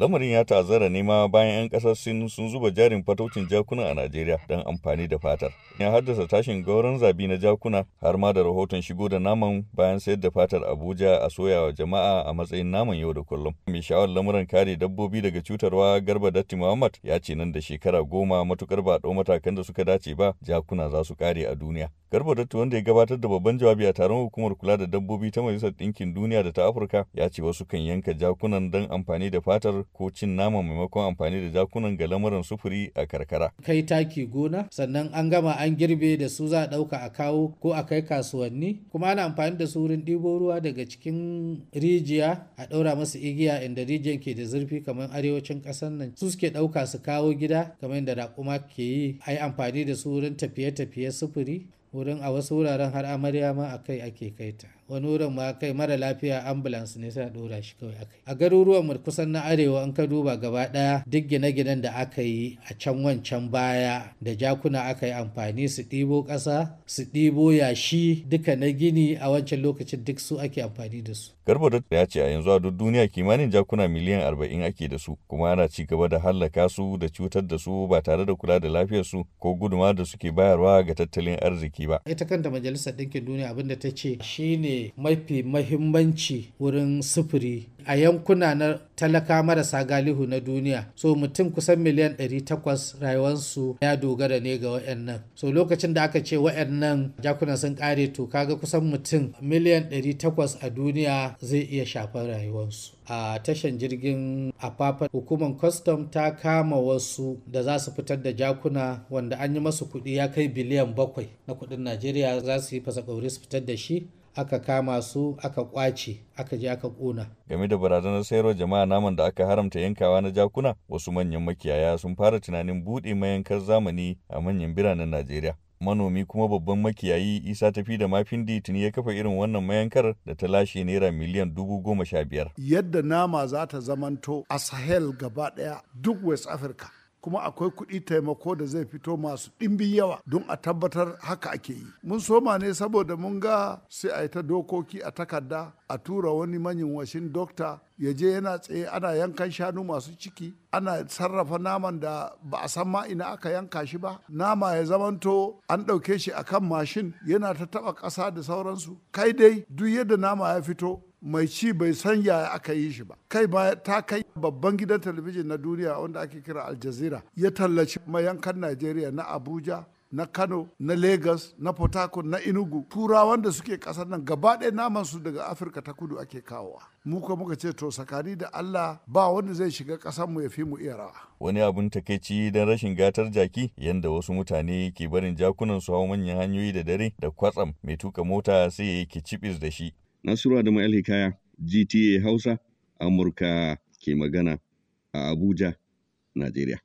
Lamarin ya ta'azzara nema bayan 'yan ƙasar Sin sun zuba jarin fataucin jakuna a Najeriya don amfani da fatar. Ya haddasa tashin gauran zabi na jakuna har ma da rahoton shigo da naman bayan sayar da fatar Abuja a soyawa jama'a a matsayin naman yau da kullum. Mai sha'awar lamuran kare dabbobi daga cutarwa Garba Datti Muhammad ya ce nan da shekara goma matukar ba dau matakan da suka dace ba jakuna za su kare a duniya. Garba Dattu wanda ya gabatar da babban jawabi a taron hukumar kula da dabbobi ta Majalisar Ɗinkin Duniya da ta Afirka ya ce wasu kan yanka jakunan don amfani da fatar ko cin nama maimakon amfani da jakunan ga lamuran sufuri a karkara. Kai taki gona sannan an gama an girbe da su za a ɗauka a kawo ko a kai kasuwanni kuma ana amfani da su wurin ɗibo ruwa daga cikin rijiya a ɗaura masu igiya inda rijiyan ke da zurfi kamar arewacin ƙasar nan su suke ɗauka su kawo gida kamar yadda raƙuma ke yi a yi amfani da su wurin tafiye-tafiye sufuri wurin a wasu wuraren har amarya ma a kai ake kaita wani wurin ma kai mara lafiya ambulans ne sai dora shi kawai akai a garuruwan mu kusan na arewa an ka duba gaba daya duk gine-ginen da aka yi a can wancan baya da jakuna aka yi amfani su ɗibo ƙasa su ɗibo yashi duka na gini a wancan lokacin duk su ake amfani da su garba da ya ce a yanzu a duk duniya kimanin jakuna miliyan arba'in ake da su kuma ana ci gaba da hallaka su da cutar da su ba tare da kula da lafiyar su ko guduma da suke bayarwa ga tattalin arziki ba ita kanta majalisar ɗinkin duniya abinda ta ce shine mafi mahimmanci wurin sufuri a yankuna na talaka marasa galihu na duniya so mutum kusan miliyan 800 rayuwarsu ya dogara ne ga wayannan so lokacin da aka ce wayannan jakuna sun kare to kaga kusan mutum miliyan 800 a duniya zai iya shafar rayuwarsu a tashan jirgin afafa hukumar kwastam ta kama wasu da za su fitar da jakuna wanda an yi masu kuɗi ya kai biliyan bakwai na kuɗin najeriya za su yi fasa su fitar da shi aka kama su aka kwace aka je aka kona. Game da barazanar sayarwa jama'a naman da aka haramta yankawa na jakuna wasu manyan makiyaya sun fara tunanin buɗe mayankar zamani a manyan biranen Najeriya. Manomi kuma babban makiyayi Isa tafi da mafindi tuni ya kafa irin wannan mayankar da ta lashe naira miliyan dubu goma sha biyar. Yadda nama za ta zamanto a Sahel gaba ɗaya duk West Africa kuma akwai kuɗi taimako da zai fito masu ɗimbin yawa don a tabbatar haka ake yi mun soma ne saboda mun ga sai a yi ta dokoki a takarda a tura wani manyan washin dokta ya je yana tsaye ana yankan shanu masu ciki ana sarrafa naman da ba a san ma ina aka yanka shi ba nama ya zamanto an ɗauke shi akan mashin yana ta taɓa ƙasa da sauransu kai dai duk yadda nama ya fito mai ci bai san yaya aka yi shi ba kai ba ta kai babban gidan talabijin na duniya wanda ake kira al jazeera ya tallaci mayankan najeriya na abuja na kano na lagos na port na inugu turawan da suke kasar nan gaba ɗaya naman su daga afirka ta kudu ake kawowa mu kuma muka ce to sakari da allah ba wanda zai shiga ƙasar mu ya fi mu iya rawa wani abun takeici don rashin gatar jaki yanda wasu mutane ke barin jakunan su hau manyan hanyoyi da dare da kwatsam mai tuka mota sai ya yi kicibis da shi Nasiru Adamu Alhikaya, GTA Hausa, Amurka ke magana a Abuja, Najeriya.